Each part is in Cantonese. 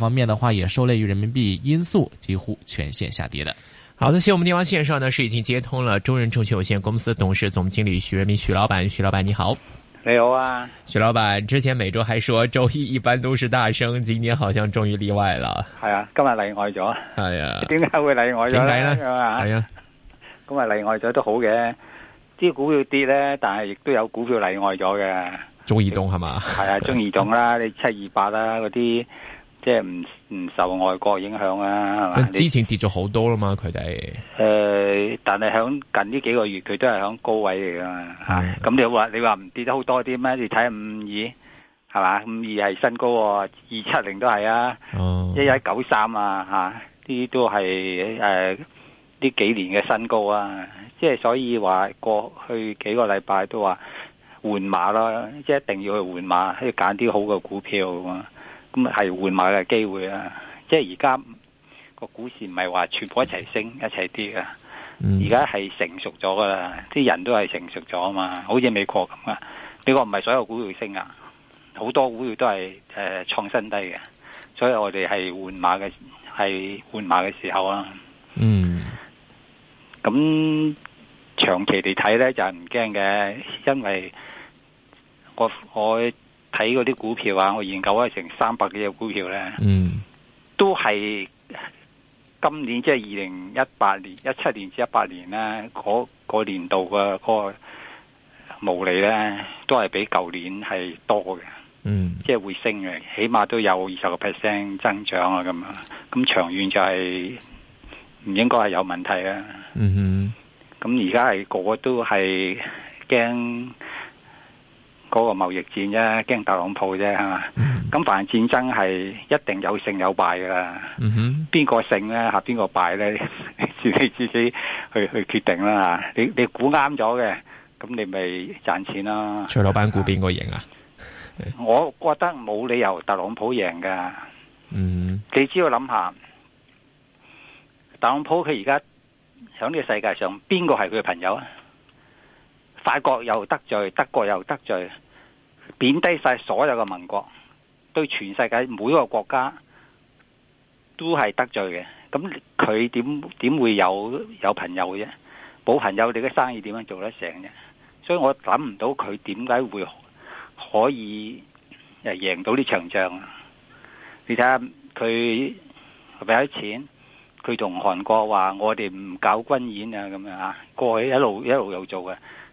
方面的話也受累於人民幣因素，幾乎全線下跌的。好的，首先我們電話線上呢是已經接通了中仁證券有限公司董事總經理徐潤民徐老闆。徐老闆你好，你好啊。徐老闆之前每周還說周一一般都是大升，今天好像終於例外了。係啊，今日例外咗。係啊、哎呀。點解會例外咗咧？係啊。今日，例外咗都好嘅，啲股票跌咧，但係亦都有股票例外咗嘅。中移動係嘛？係啊，中移動啦，你七二八啦，嗰啲。即係唔唔受外國影響啊！係嘛，之前跌咗好多啦嘛，佢哋。誒，但係響近呢幾個月，佢都係響高位嚟噶嘛。咁是的、啊、你話你話唔跌得好多啲咩？你睇下五二，係嘛？五二係新高，二七零都係啊，一一九三啊，吓、啊，呢啲都係誒呢幾年嘅新高啊。即係所以話過去幾個禮拜都話換馬咯，即係一定要去換馬，去揀啲好嘅股票啊。咁係換馬嘅機會啊！即係而家個股市唔係話全部一齊升一齊跌啊！而家係成熟咗噶啦，啲人都係成熟咗啊嘛！好似美國咁啊，美國唔係所有股票會升啊，好多股票都係誒創新低嘅，所以我哋係換馬嘅，係換馬嘅時候啊！嗯，咁長期嚟睇咧就係唔驚嘅，因為我我。睇嗰啲股票啊，我研究咗成三百幾隻股票咧，嗯，都係今年即係二零一八年、一七年至一八年咧，嗰個年度嘅、嗰個毛利咧，都係比舊年係多嘅，嗯，即係會升嘅，起碼都有二十個 percent 增長啊，咁樣咁長遠就係唔應該係有問題啊，嗯哼，咁而家係個個都係驚。嗰個貿易戰啫，驚特朗普啫，係嘛、mm？咁、hmm. 凡係戰爭係一定有勝有敗噶啦，邊個、mm hmm. 勝咧，下邊個敗咧，你自己自己去去決定啦。你你估啱咗嘅，咁你咪賺錢啦。徐老闆估邊個贏啊？我覺得冇理由特朗普贏噶。Mm hmm. 你只要諗下，特朗普佢而家喺呢個世界上，邊個係佢嘅朋友啊？法國又得罪，德國又得罪，貶低曬所有嘅民國，對全世界每一個國家都係得罪嘅。咁佢點點會有有朋友啫？冇朋友，你嘅生意點樣做得成啫？所以我諗唔到佢點解會可以贏到呢場仗。你睇下佢俾咗錢，佢同韓國話我哋唔搞軍演啊咁樣啊，過去一路一路有做嘅。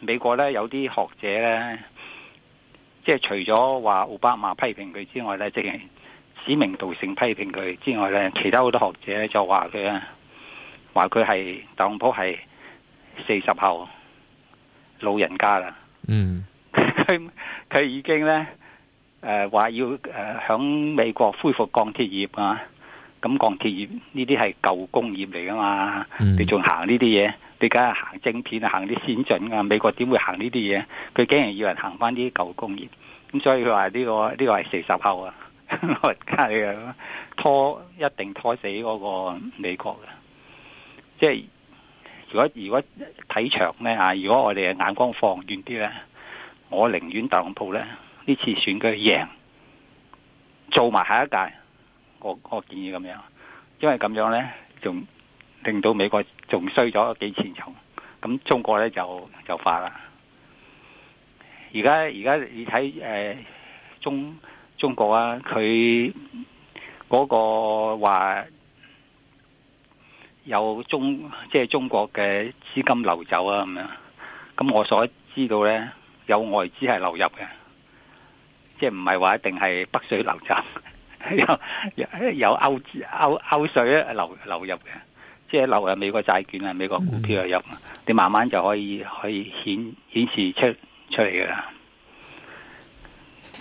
美國咧有啲學者咧，即係除咗話奧巴馬批評佢之外咧，即係指名道姓批評佢之外咧，其他好多學者咧就話佢啊，話佢係特朗普係四十後老人家啦。嗯 他，佢佢已經咧誒話要誒響美國恢復鋼鐵業啊，咁鋼鐵業呢啲係舊工業嚟噶嘛，你仲行呢啲嘢？你梗係行晶片啊，行啲先進啊，美國點會行呢啲嘢？佢竟然要人行翻啲舊工業，咁所以佢話呢個呢、呢個係四十後啊， 拖一定拖死嗰個美國嘅。即係如果如果睇長呢，嚇、啊，如果我哋眼光放遠啲呢，我寧願特朗普咧呢次選舉贏，做埋下一屆，我我建議咁樣，因為咁樣呢，仲令到美國。仲衰咗幾千重，咁中國咧就就發啦。而家而家你睇、呃、中中國啊，佢嗰個話有中即係中國嘅資金流走啊咁樣。咁我所知道咧，有外資係流入嘅，即係唔係話一定係北水流走， 有有，有歐，歐，歐，歐水流流入嘅。即係流入美國債券啊，美國股票又入，你慢慢就可以可以顯顯示出出嚟噶啦。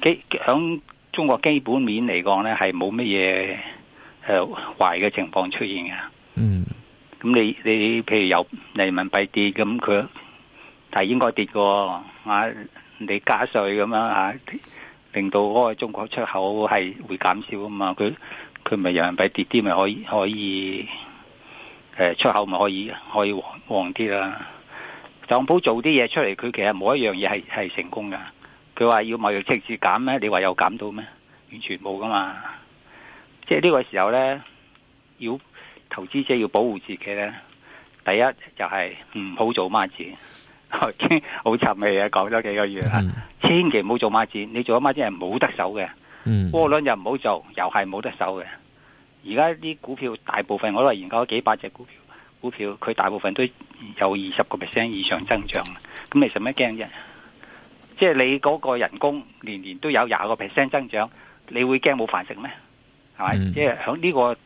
基響中國基本面嚟講咧，係冇乜嘢誒壞嘅情況出現噶。嗯，咁你你譬如有人民幣跌，咁佢係應該跌嘅。啊，你加稅咁樣啊，令到嗰個中國出口係會減少啊嘛。佢佢唔係人民幣跌啲，咪可以可以。可以誒出口咪可以可以旺啲啦，特朗普做啲嘢出嚟，佢其實冇一樣嘢係成功噶。佢話要貿易赤字減咩？你話又減到咩？完全冇噶嘛。即係呢個時候咧，要投資者要保護自己咧。第一就係唔好做孖展，好 沉氣啊！講咗幾個月啦，嗯、千祈唔好做孖展。你做孖展係冇得手嘅，窩輪又唔好做，又係冇得手嘅。而家啲股票大部分，我都係研究咗幾百隻股票，股票佢大部分都有二十個 percent 以上增長，咁你使乜驚啫？即係你嗰個人工年年都有廿個 percent 增長，你會驚冇飯食咩？係咪、嗯？即係響呢個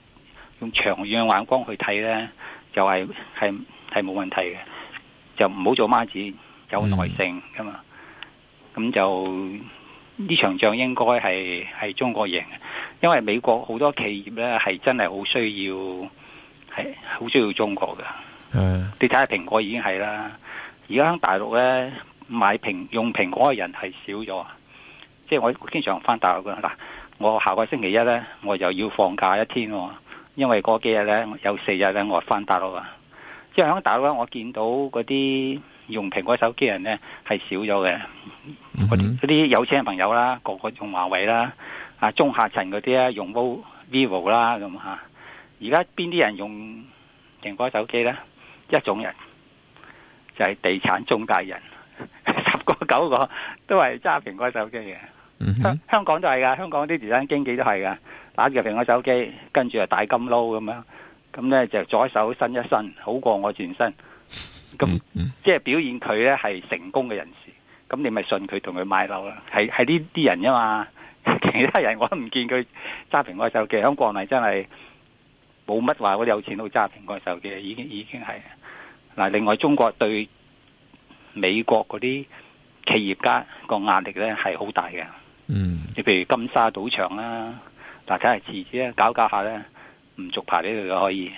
用長遠眼光去睇咧，就係係係冇問題嘅。就唔好做孖子，有耐性噶嘛。咁、嗯、就。呢場仗應該係係中國贏嘅，因為美國好多企業咧係真係好需要係好需要中國嘅。係嘅你睇下蘋果已經係啦，而家喺大陸咧買蘋用蘋果嘅人係少咗，即係我經常翻大陸嘅嗱，我下個星期一咧我又要放假一天喎、哦，因為嗰幾日咧有四日咧我翻大陸啊，即係喺大陸咧我見到嗰啲。用蘋果手機人咧係少咗嘅，嗰啲啲有錢嘅朋友啦，個,個個用華為啦，啊中下層嗰啲啊用 vivo 啦咁吓。而家邊啲人用蘋果手機咧？一種人就係、是、地產中介人， 十個九個都係揸蘋果手機嘅、嗯哼。香港都係噶，香港啲地產經紀都係噶，打住蘋果手機，跟住啊大金撈咁樣，咁咧就左手伸一伸，好過我轉身。咁、嗯嗯、即係表現佢咧係成功嘅人士，咁你咪信佢同佢買樓啦。係係呢啲人吖嘛，其他人我都唔見佢揸平外手嘅。喺國內真係冇乜話啲有錢都揸蘋果手機嘅，已經已經係嗱。另外中國對美國嗰啲企業家個壓力咧係好大嘅。嗯，你譬如金沙賭場啦，嗱，梗係遲啲咧搞一搞一下咧，唔續牌俾佢就可以。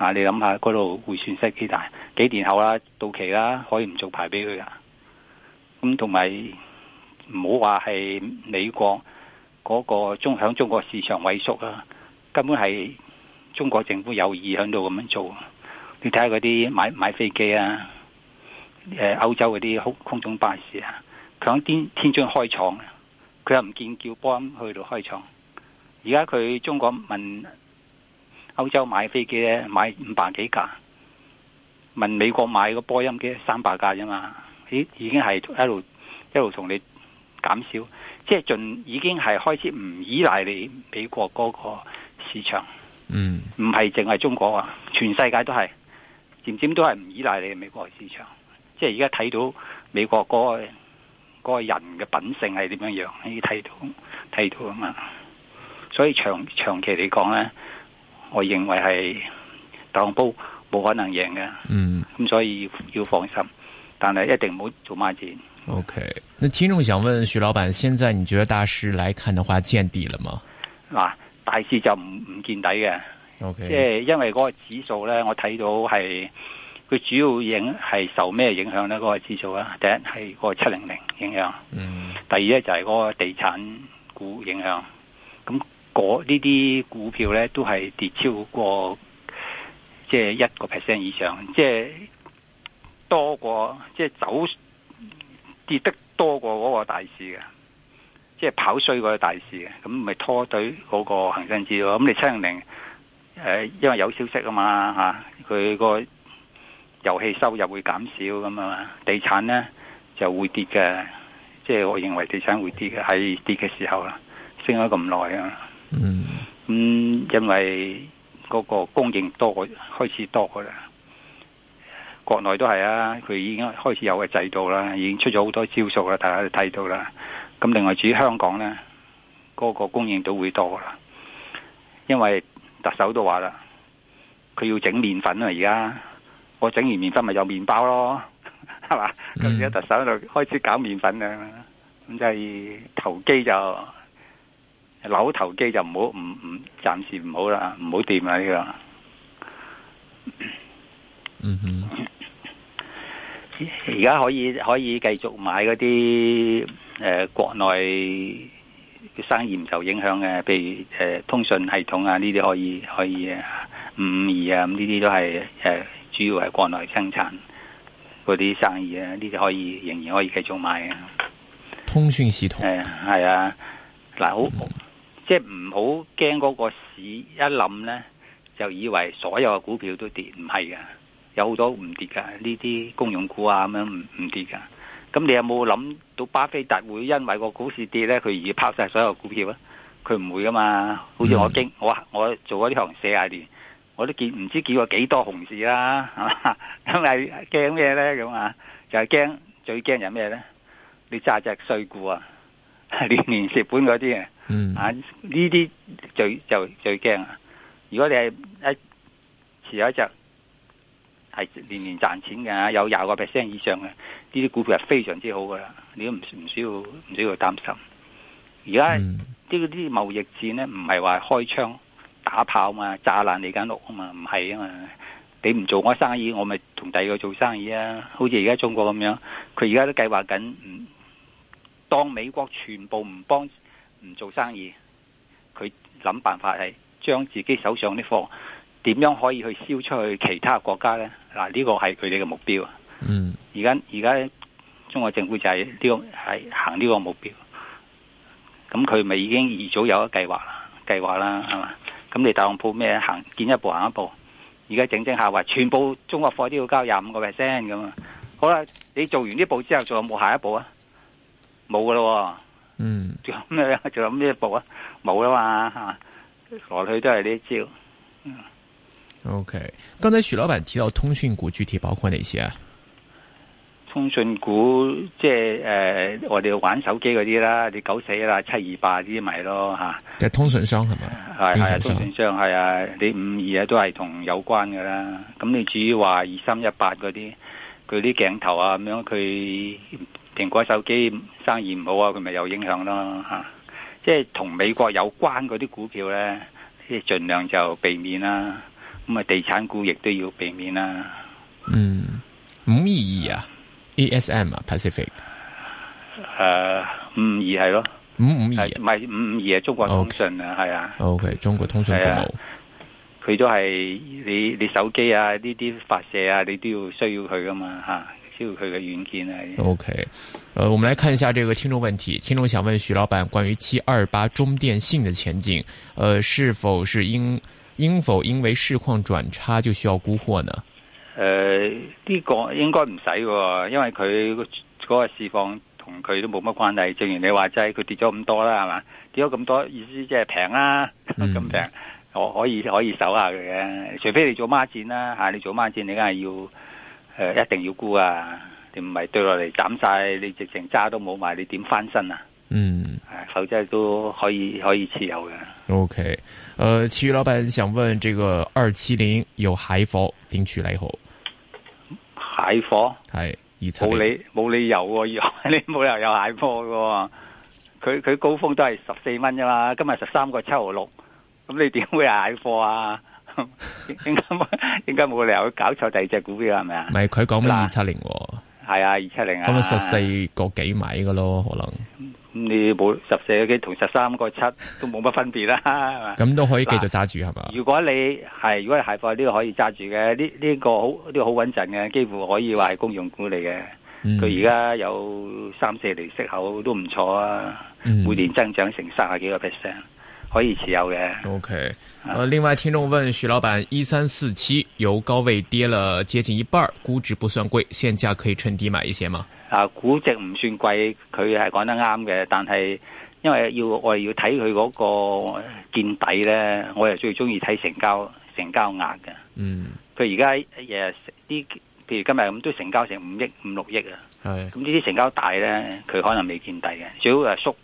啊、你諗下，嗰度會損失幾大？幾年後啦，到期啦，可以唔做牌俾佢噶。咁同埋唔好話係美國嗰個中響中國市場萎縮啊，根本係中國政府有意響度咁樣做。你睇下嗰啲買買飛機啊，歐洲嗰啲空空中巴士啊，佢響天天津開廠，佢又唔見叫波音去到開廠。而家佢中國問？歐洲買飛機咧，買五百幾架；問美國買個波音機三百架啫嘛，已已經係一路一路同你減少，即係盡已經係開始唔依賴你美國嗰個市場。嗯，唔係淨係中國啊，全世界都係，漸漸都係唔依賴你美國市場。即係而家睇到美國嗰個嗰個人嘅品性係點樣樣，可以睇到睇到啊嘛。所以長長期嚟講咧。我認為係特朗普冇可能贏嘅，咁、嗯、所以要要放心，但係一定唔好做孖展。O、okay. K，那聽眾想問徐老闆，現在你覺得大市來看的話見底了嗎？嗱、啊，大市就唔唔見底嘅。O K，即係因為嗰個指數咧，我睇到係佢主要是影係受咩影響咧？嗰、那個指數啊，第一係個七零零影響，嗯、第二咧就係、是、嗰個地產股影響，咁、嗯。我呢啲股票咧都係跌超過，即係一個 percent 以上，即係多過即係走跌得多過嗰個大市嘅，即係跑衰嗰個大市嘅，咁咪拖隊嗰個恒生指數。咁你七零零誒，因為有消息嘛啊嘛吓，佢個遊戲收入會減少咁啊，嘛，地產咧就會跌嘅，即係我認為地產會跌嘅，喺跌嘅時候啦，升咗咁耐啊！嗯，咁因為嗰個供應多，開始多噶啦。國內都係啊，佢已經開始有嘅制度啦，已經出咗好多招數啦，大家都睇到啦。咁另外至於香港呢，嗰個供應都會多噶啦。因為特首都話啦，佢要整麵粉啊，而家我整完麵粉咪有麵包咯，係嘛？咁而家特首就開始搞麵粉啦，咁就係投機就。扭頭機就唔好，唔唔，暫時唔好啦，唔好掂啦呢個。嗯嗯。而家可以可以繼續買嗰啲誒國內生意唔受影響嘅，譬如誒通訊系統啊呢啲可以可以啊，五五二啊，咁呢啲都係誒主要係國內生產嗰啲生意啊，呢啲可以仍然可以繼續買嘅。通訊系統誒係啊，嗱好。即係唔好驚嗰個市一冧咧，就以為所有嘅股票都跌，唔係噶，有好多唔跌噶。呢啲公用股啊咁樣唔唔跌噶。咁你有冇諗到巴菲特會因為個股市跌咧，佢而拋晒所有股票啊？佢唔會噶嘛。好似我驚，我我做咗呢行四十年，我都見唔知見過幾多熊市啦，係嘛？咁係驚咩咧？咁啊，就係、是、驚最驚就咩咧？你揸隻衰股啊！年年蝕本嗰啲、嗯、啊，啊呢啲最就最驚啊！如果你係一持有一隻係年年賺錢嘅，有廿個 percent 以上嘅呢啲股票係非常之好噶啦，你都唔唔需要唔需要擔心。而家呢啲貿易戰咧，唔係話開槍打炮嘛，炸爛你間屋啊嘛，唔係啊嘛，你唔做我生意，我咪同第二個做生意啊！好似而家中國咁樣，佢而家都計劃緊。當美國全部唔幫唔做生意，佢諗辦法係將自己手上啲貨點樣可以去銷出去其他國家呢？嗱、啊，呢個係佢哋嘅目標。嗯，而家而家中國政府就係呢、這個係行呢個目標。咁佢咪已經預早有一計劃，計劃啦，係嘛？咁你特朗普咩行？見一步行一步。而家整整下話，全部中國貨都要交廿五個 percent 咁啊！好啦，你做完呢步之後，仲有冇下一步啊？冇噶咯，嗯，仲有咩咧？仲有咩部啊？冇啦嘛，吓，來去都係呢招。嗯，OK。剛才徐老闆提到通訊股，具體包括哪些啊？通訊股即係誒、呃，我哋玩手機嗰啲啦，你九四啦、七二八啲咪咯吓。即係通訊商係咪？係，係通訊商係啊，你五二啊都係同有關噶啦。咁你至於話二三一八嗰啲，佢啲鏡頭啊咁樣佢。蘋果手機生意唔好啊，佢咪有影響咯吓，即係同美國有關嗰啲股票咧，即係盡量就避免啦。咁啊，地產股亦都要避免啦。嗯，五二二啊 ASM 啊，Pacific，誒，五二係咯，五五二，唔係五五二啊，中國通訊啊，Okay。係啊。Okay，中國通訊服務，佢、啊、都係你你手機啊呢啲發射啊，你都要需要佢噶嘛吓。佢嘅軟件係 OK，誒、呃，我們來看一下這個聽眾問題。聽眾想問徐老闆關於七二八中電信嘅前景，誒、呃，是否是應應否因為市況轉差就需要沽貨呢？誒、呃、呢、這個應該唔使嘅，因為佢個嗰個市況同佢都冇乜關係。正如你話齋，佢跌咗咁多啦，係嘛？跌咗咁多意思即係平啦，咁平、嗯，我可以可以守下佢嘅。除非你做孖展啦，吓、啊、你做孖展你梗係要。誒、呃，一定要沽啊！你唔係對落嚟斬晒，你直情渣都冇埋，你點翻身啊？嗯，啊，否則都可以可以持有嘅。O K，誒，其餘老闆想問，這個二七零有蟹貨點處理火、哎、理？好蟹貨係二七零，冇理冇理由你、啊、冇理由有蟹貨嘅。佢佢高峰都係十四蚊啫嘛，今日十三個七毫六，咁你點會蟹貨啊？ 應該冇應該冇理由搞錯第二隻股票係咪啊？唔係佢講咩二七零，係啊二七零啊。咁啊十四個幾米嘅咯，可能，嗯、你冇十四個幾同十三個七都冇乜分別啦。咁 吧都可以繼續揸住係嘛？如果你係，如果你係快呢個可以揸住嘅，呢呢、這個好呢、這個好穩陣嘅，幾乎可以話係公用股嚟嘅。佢而家有三四厘息口都唔錯啊，嗯、每年增長成三十幾個 percent。可以持有嘅。OK，呃，另外聽眾問徐老闆：一三四七由高位跌了接近一半，估值不算貴，現價可以趁低買一些嗎？啊，估值唔算貴，佢係講得啱嘅。但係因為要我哋要睇佢嗰個見底咧，我又最中意睇成交成交額嘅。嗯，佢而家誒啲，譬如今日咁都成交成五億五六億啊。係、哎，咁呢啲成交大咧，佢可能未見底嘅，主要係縮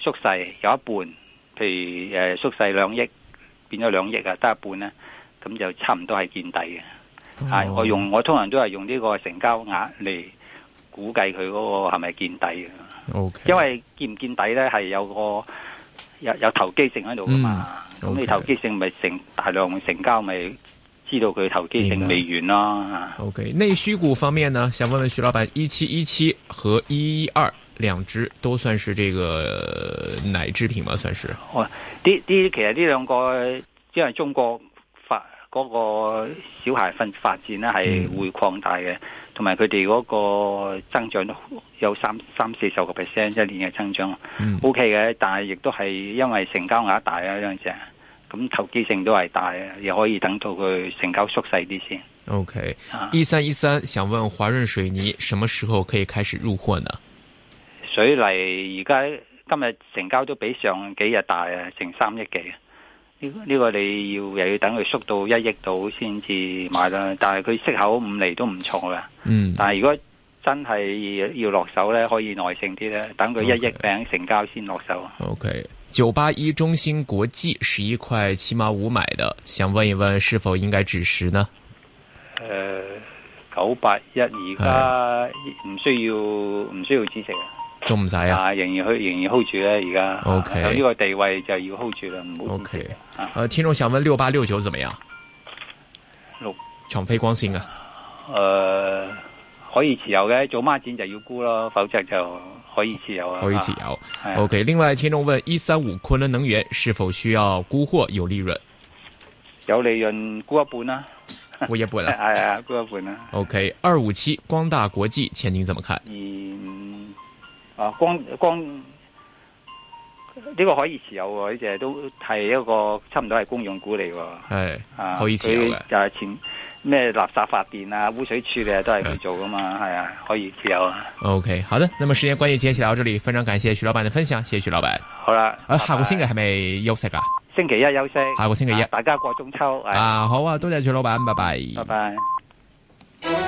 縮細有一半。譬如誒、呃、縮細兩億，變咗兩億啊，得一半咧，咁就差唔多係見底嘅。係，oh. 我用我通常都係用呢個成交額嚟估計佢嗰個係咪見底嘅。OK，因為見唔見底咧係有個有有投機性喺度噶嘛。咁、mm. Okay. 你投機性咪成大量成交咪知道佢投機性未完咯。OK，內需股方面呢，想問問徐老闆一七一七和一一二。兩支都算是這個奶製品吧，算是。啲啲、哦、其實呢兩個因為中國發嗰、那個小孩發發展咧係會擴大嘅，同埋佢哋嗰個增長都有三三四十個 percent 一年嘅增長、嗯、，OK 嘅。但係亦都係因為成交額大啊呢樣嘢，咁投機性都係大啊，又可以等到佢成交縮細啲先。OK，一三一三，想問華潤水泥什麼時候可以開始入貨呢？水泥而家今日成交都比上幾日大啊，成三億幾啊！呢、這、呢、個這個你要又要等佢縮到一億度先至買啦。但係佢息口五厘都唔錯啦。嗯，但係如果真係要落手咧，可以耐性啲咧，等佢一億餅成交先落手。OK，九八一中芯國際十一塊七毛五買的，想問一問是否應該止蝕呢？誒、呃，九八一而家唔需要唔是需要止蝕啊？仲唔使啊！仍然去，仍然 hold 住咧，而家。O Okay . K、啊。有呢個地位就要 hold 住啦，唔好空 O K。Okay. 啊，啊，聽眾想問六八六九怎麼樣？六長飛光纖啊？誒、呃，可以持有嘅，做孖展就要沽咯，否則就可以持有了好啊。可以持有。O K。另外，聽眾問一三五昆侖能源是否需要沽貨有利潤？有利潤沽一半啦、啊，沽一半啦。係 啊，沽一半啦、啊。O K。二五七光大國際前景怎麼看？二五、嗯。啊，光光呢、這個可以持有喎，呢、這、隻、個、都係一個差唔多係公用股嚟喎。係、哎，可以持有、啊、就係前咩垃圾發電啊、污水處理啊都係佢做㗎嘛，係啊、哎，可以持有。啊。OK，好的，那麼時間關係，今日就到這裏，非常感謝徐老闆嘅分享，謝謝徐老闆。好啦、啊，下個星期係咪休息啊？星期一休息，下個星期一、啊、大家過中秋。哎、啊，好啊，多謝徐老闆，拜拜，拜拜。